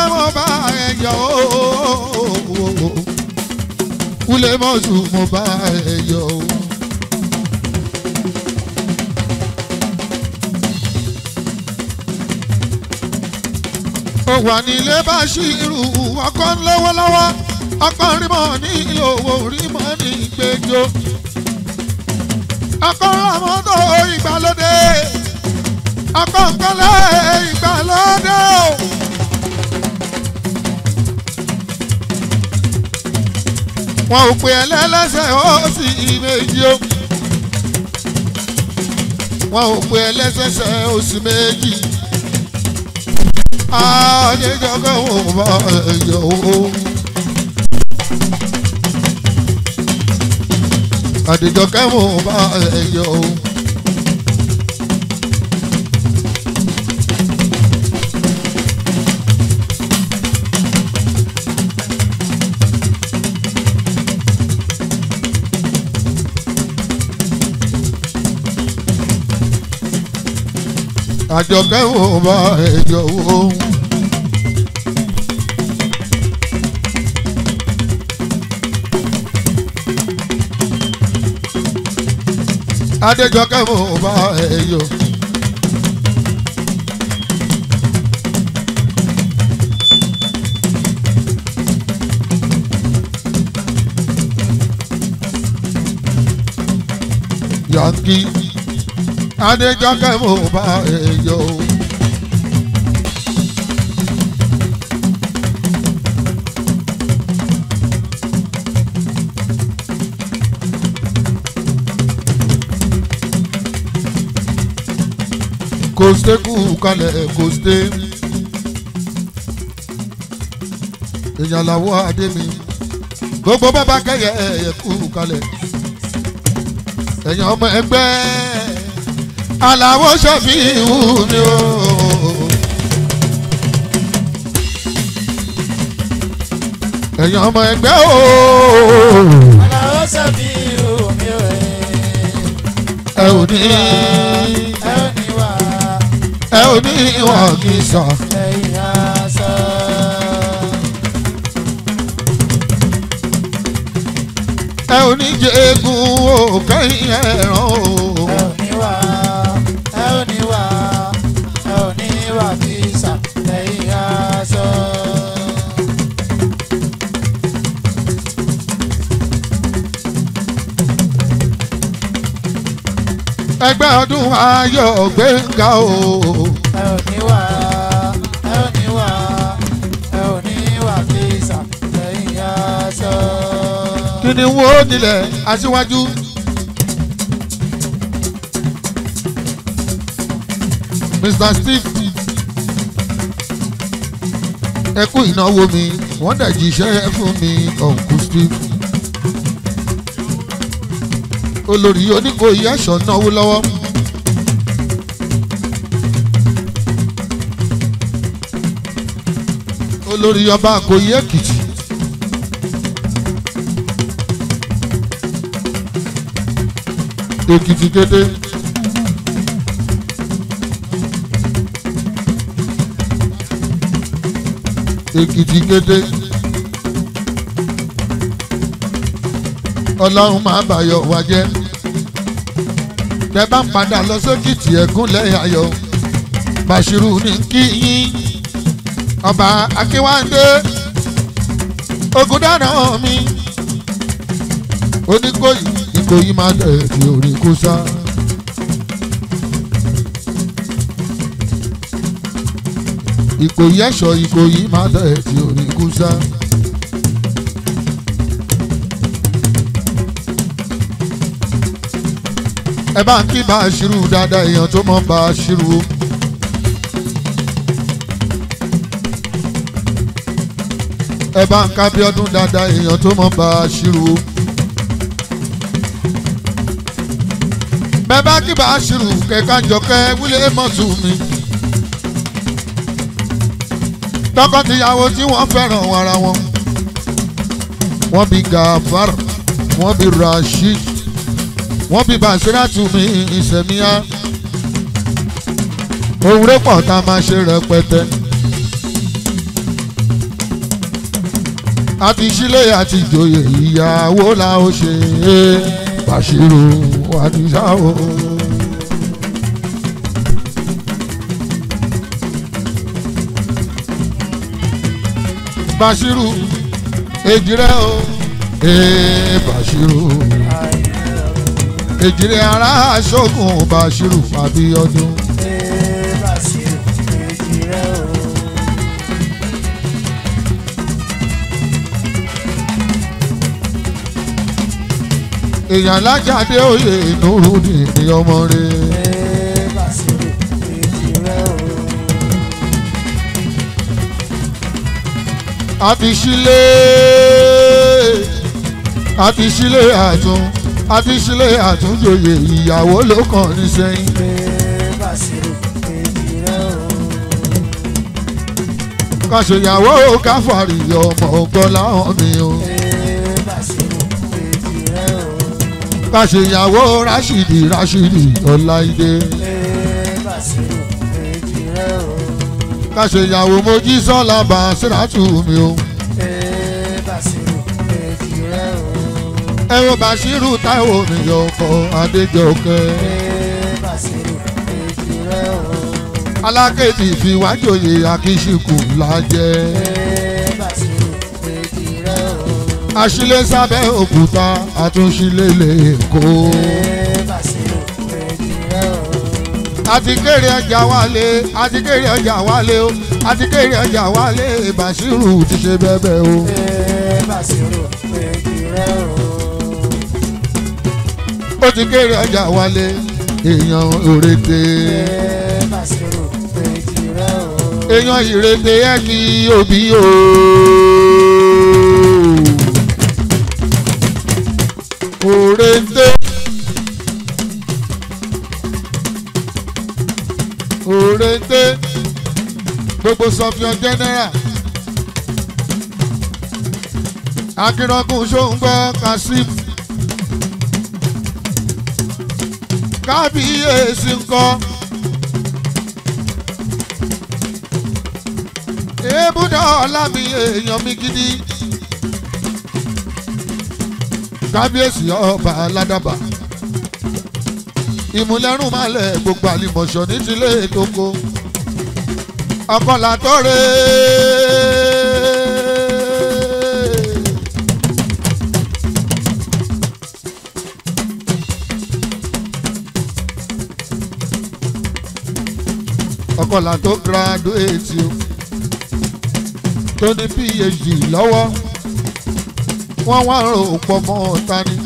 káwọn bá ẹ yọ ooo kúlẹ̀ mọ́tò mo bá ẹ yọ ooo. mo wà nílé bá ṣí irú ọkọ lọ́wọ́lọ́wọ́ ọkọ rímọ̀ ní ìlòwò rímọ̀ ní ìgbẹ́jọ́ ọkọ ramọ́tò ìgbàlódé ọkọ nkọlẹ̀ ìgbàlódé o. wọn ò pè ẹlẹ́lẹ́sẹ̀ ó sì méjì ó wọn ò pè ẹlẹ́sẹ̀sẹ̀ oṣù méjì àjẹjọ́gọ́ wọn ò bá ẹ̀yọ̀ o. àdìjọ́kẹ́ wọn ò bá ẹ̀yọ̀ o. àjọkẹ́ ò bá ẹjọ́ wò. adéjọkẹ́ ò bá ẹjọ́. Yankee. Adéjọkẹ́ mo bá èyọ. kò sí kú kalẹ̀ kò sí. èèyàn làwọn adé mi gbogbo bàbá kẹyẹ ẹ kú kalẹ̀ èèyàn ọmọ ẹgbẹ́. Àlàó Ṣọ̀fíù mi o. ẹ̀yin ọmọ ẹgbẹ́ o. Àlàó Ṣọ̀fíù mi o. ẹ ò ní ẹ ò ní ìwọ̀n kì í sọ. ẹ ò ní jẹ́ egun o kẹ́yìn ẹ̀ràn o. gbádùn ayọ̀ gbẹ̀ngà o. ẹ ò ní wà ẹ ò ní wà ẹ ò ní wà kí ìsàlẹ̀yìn aṣọ. kí ni wo nílẹ̀ aṣíwájú. Mr. Steve ẹ kú ìnáwó mi wọ́n dẹ̀ jíṣẹ́ fún mi ọ̀nkú Steve olórí oníkòyí ẹ̀ṣọ́ náwó lọ́wọ́. olórí ọba àkòyí èkìtì. èkìtì kété. èkìtì kété. ọlọ́run máa bàyọ̀ wá jẹ́ bẹ́ẹ̀ bá ń padà lọ sókìtì ẹ̀gúnlẹ̀ ayọ̀ Bashiru ní kí yín ọba Akínwándé Ògúndára mi oníkóyì ìkóyì máa tẹ̀lé orí kó sá. ìkòyí ẹ̀ṣọ́ ìkòyí máa tẹ̀lé orí kó sá. ẹ bá ń kí bá aṣírù dáadáa èèyàn tó mọ̀ bá aṣírù. ẹ bá ń ká bí ọdún dáadáa èèyàn tó mọ̀ bá aṣírù. bẹ́ẹ̀ bá kí bá aṣírù kẹ̀kẹ́ àjọkẹ́ wílé mọ́tò mi. tọkọtìyàwó tí wọ́n fẹ́ràn ara wọn. wọ́n bí Gafar wọ́n bí Rashid wọ́n fi bàṣírà tù mí ìṣẹ̀míyá òwúrẹ́ pọ̀ tá a máa ṣe rẹpẹtẹ. àti sílé àti ìjòyè ìyàwó la ó ṣe é Bàṣírù Àdìsá o. Bàṣírù èjìrẹ́ o ee Bàṣírù. Ejire ara ṣógun Bashiru Abíọ́dún. èèyàn lájáde òye ìnúrú ni ní ọmọ rẹ. àfìsílẹ̀ àfìsílẹ̀ àtún àti sílé àtúnjòyè ìyàwó ló kàn ní sẹ́yìn. ká ṣèyàwó ká fàríyọ ọmọ ọgbọ́n láwọn mi o. ká ṣèyàwó Rashidi Rashidi Ọláìdé. ká ṣèyàwó Mojísọ́lá Basírátù mi o. ẹ wo Bàṣírù Táíwò níjọ ọkọ Adéjọkẹ. alákejì ìfiwájòyè akíṣìkù lájẹ. àṣìlẹ̀ sábẹ́ òkúta àtúnṣílẹ̀ lẹ́kọ̀ọ́. àti kéré ọjà wálé àti kéré ọjà wálé o àti kéré ọjà wálé Bàṣírù ti ṣe bẹ́ẹ̀ bẹ́ẹ̀ o. Bàṣírù ó ti kéré ọjà wálé èèyàn òrètè. èèyàn ìrètè ẹ ní òbí o. òrètè. òrètè gbogbo sọfiọ jẹnẹra akínrọkùn ṣóńgbọ kasim kábíyèsí ńkọ́. ebúdá ọlá mi èèyàn mi gidi. kábíyèsí ọba aládàbà ìmúlẹ́rùn máa lẹ̀ gbogbo àlìmọ̀ṣọ́ ní tilé ìkókó ọkọ̀ làtọ́rẹ́. Kọ́lá tó graduate o tó ní phd lọ́wọ́ wọ́n wá rò pọ̀ mọ́ ọ̀tá ni.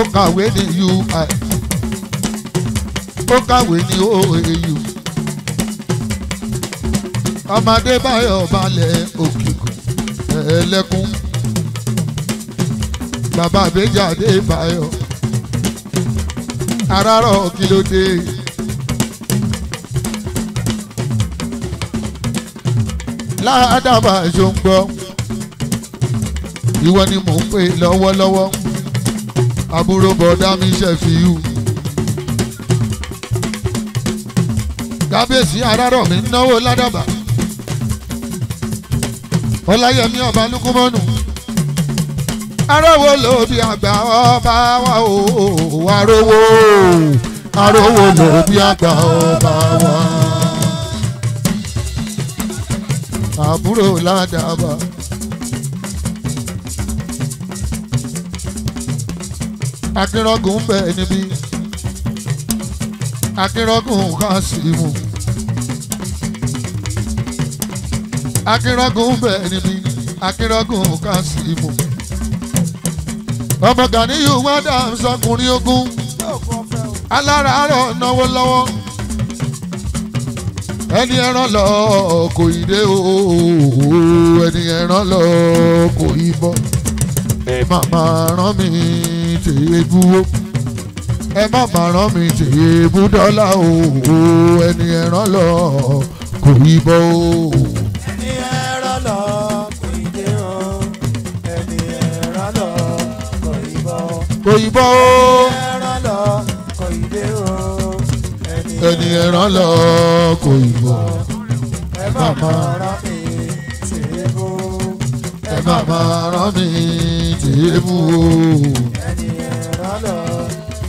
ó kàwé ní ui ó kàwé ní oau ọmọdé báyọ̀ balẹ̀ òkìkùn ẹ̀ẹ́lẹ́kùn bàbá àbẹ́jáde báyọ̀ àràárọ̀ kí ló dé. ládàbà ṣòǹgbọ ìwọ ni mò ń pè lọ́wọ́lọ́wọ́ àbúrò bọ̀dá mi ṣẹ̀fìyù. kábíyèsí àràárọ̀ mi náwó ládàbà ọláyẹmí ọba arówó ló bí àgbà ọba wa o arówó arówó ló bí àgbà ọba wa. àbúrò ládàbà. akínrọ́gùn ń bẹ níbí akínrọ́gùn kan sí mu akínrọ́gùn ń níbí akínrọ́gùn kan sí mu ọmọ Ganiyu Adams sọkùnrin ogun aláràárọ̀ náwó lọ́wọ́ ẹni ẹran lọ kò ì dé o ẹni ẹran lọ kò ì bọ̀ ẹ má má rán mi tèé búwó ẹ má má rán mi tèé bú dọ́là o ẹni ẹran lọ kò ì bọ̀ o. òyìnbó o. ẹni ẹran lọ kò yìnbó. ẹ má máa rán mi tìrìbù. ẹ má máa rán mi tìrìbù. ẹni ẹran lọ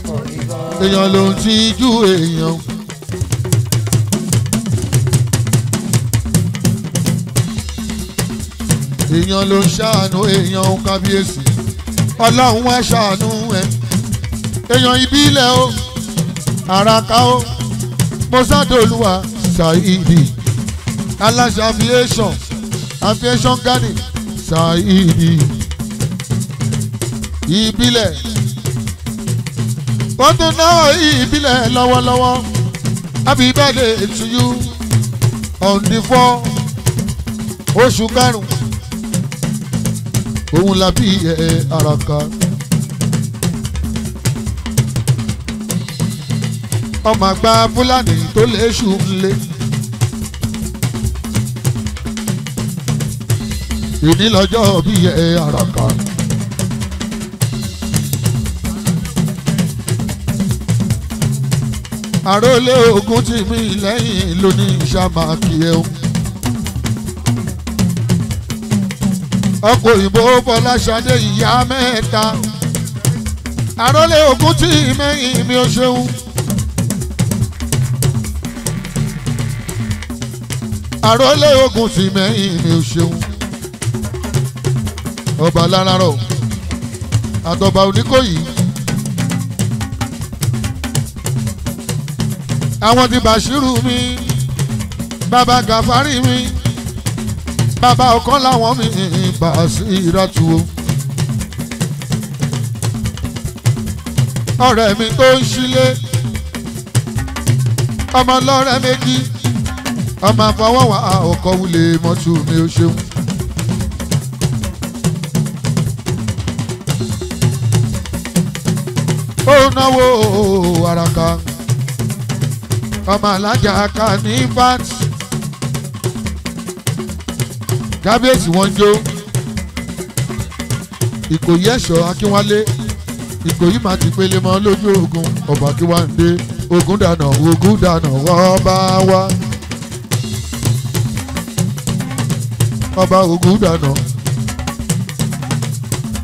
kò yìnbó. èèyàn ló ń tijú èèyàn. èèyàn ló ń ṣàánú èèyàn kábíyèsí ọlọ́run ẹ ṣàánú ẹ èèyàn ìbílẹ̀ o àràká o mọ́sádòlúwa ṣàìdì aláṣẹ aviation aviation gani ṣàìdì ìbílẹ̀ ó tún náà ìbílẹ̀ lọ́wọ́lọ́wọ́ happy birthday to you on the four oṣù karùn òun la bí ẹ àràkà. ọmọ àgbà fúlàní tó léṣù ńlẹ. ìní lọ́jọ́ bí ẹ àràkà. àròlé ogun ti mí lẹ́yìn lónìí ṣàmàkì ẹ̀hún. ọkọ̀ òyìnbó Fọláṣadé ìyá mẹ́ta àrólé ògùn tí mẹ́yìn mi ò ṣeun. àrólé ògùn tí mẹ́yìn mi ò ṣeun. ọba alárarọ àtọba Oníkòyí. àwọn ti Bàṣírù mi bàbá Gàfárì mi bàbá ọkàn làwọn mi bá sí ìrọ̀tù o. ọ̀rẹ́ mi tó ń ṣílé ọmọ ọlọ́rẹ́ méjì ọmọ àfọwọ́wà ọkọ̀ wulẹ̀ mọ́tò mi ò ṣeun. ó náwó àràkà ọmọ alájà ká ní bàtì. kábíyèsí wọn jó ìkòyí ẹ̀ṣọ́ akínwálé ìkòyí máa ti pélé mọ́ lójú ogun ọba kí wá ń dé ogun dànà ogun dànà wọ́n wá. ọba ogun dànà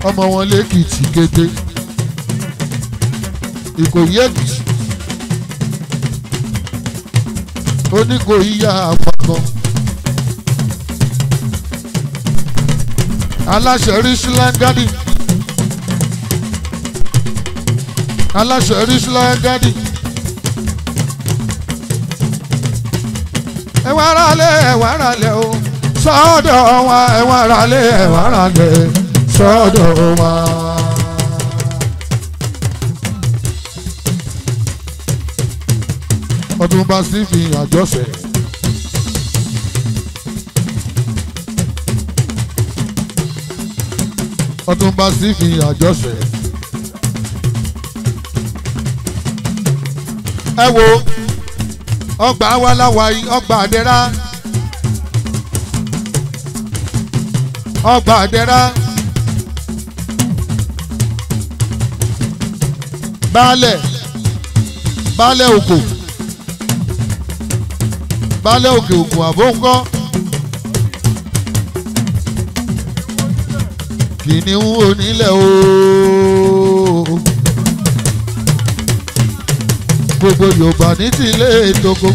ọmọ wọn lẹ́kìtì kété ìkòyí èkìtì oníkòyí yá àpapọ̀. aláṣẹ Richland Garden aláṣẹ Richland Garden ẹwà ara lẹ ẹwà ara o sọ́dọ̀ wa ẹwà ara lẹ ẹwà ara sọ́dọ̀ wa. Ọdún bá sí fi àjọṣe. ọ̀túnba Stephen àjọṣe. ẹ wo ọgbà awaláwáyí ọgbà àdẹ́rà ọgbà àdẹ́rà baálẹ̀ baálẹ̀ òkò baálẹ̀ òkè òkun àbóńkọ́. kìnìún onílẹ̀ ooo. gbogbo yorùbá ní tilé togo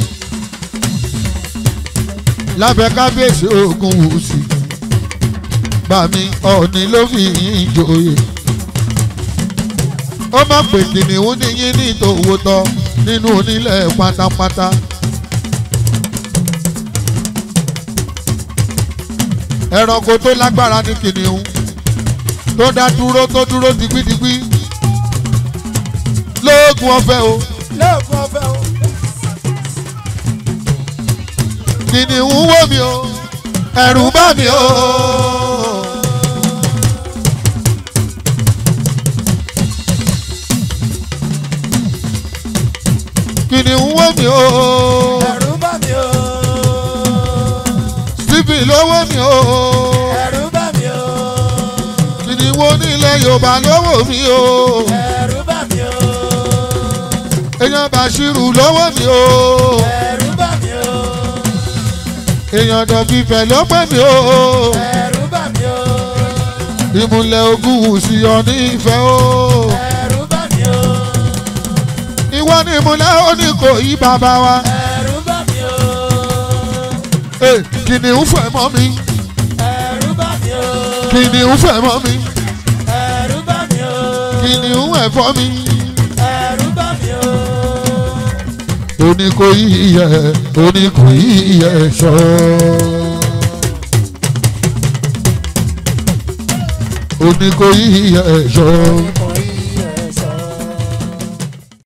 lábẹ́ kábíyèsí ogun wùsì bàmí ọ̀ọ́ni ló fi yín joyè ó má pè kìnìún níyín ní ìtòwòtọ́ nínú onílẹ̀ pátápátá. ẹranko tó lágbára ní kìnìún tó dá dúró tó dúró digbidigbi lóògùn ọ̀fẹ́ o. lóògùn ọ̀fẹ́ o. kìnìún wò mí o ẹ̀rù bà mí o. kìnìún wò mí o. ẹ̀rù bà mí o. síbi ló wò mí o. Yorùbá lówó mi o. ẹ̀rù bà mí o. èèyàn Bàṣírù lówó mi o. ẹ̀rù bà mí o. èèyàn dọ̀fífẹ̀ ló pẹ́ mi o. ẹ̀rù bà mí o. ìmùlẹ̀ ogun wù sí ọ ní ìfẹ́ o. ẹ̀rù bà mí o. ìwọ ni ìmùlẹ̀ Oníkòyí bàbá wa. ẹ̀rù bà mí o. kìnìún fẹ́ mọ́ mi. ẹ̀rù bà mí o. kìnìún fẹ́ mọ́ mi mi ni ń ẹ̀fọ́ mi. ẹ̀rù bá mi o. oníkó yíyẹ oníkó yíyẹ sọ. oníkó yíyẹ sọ.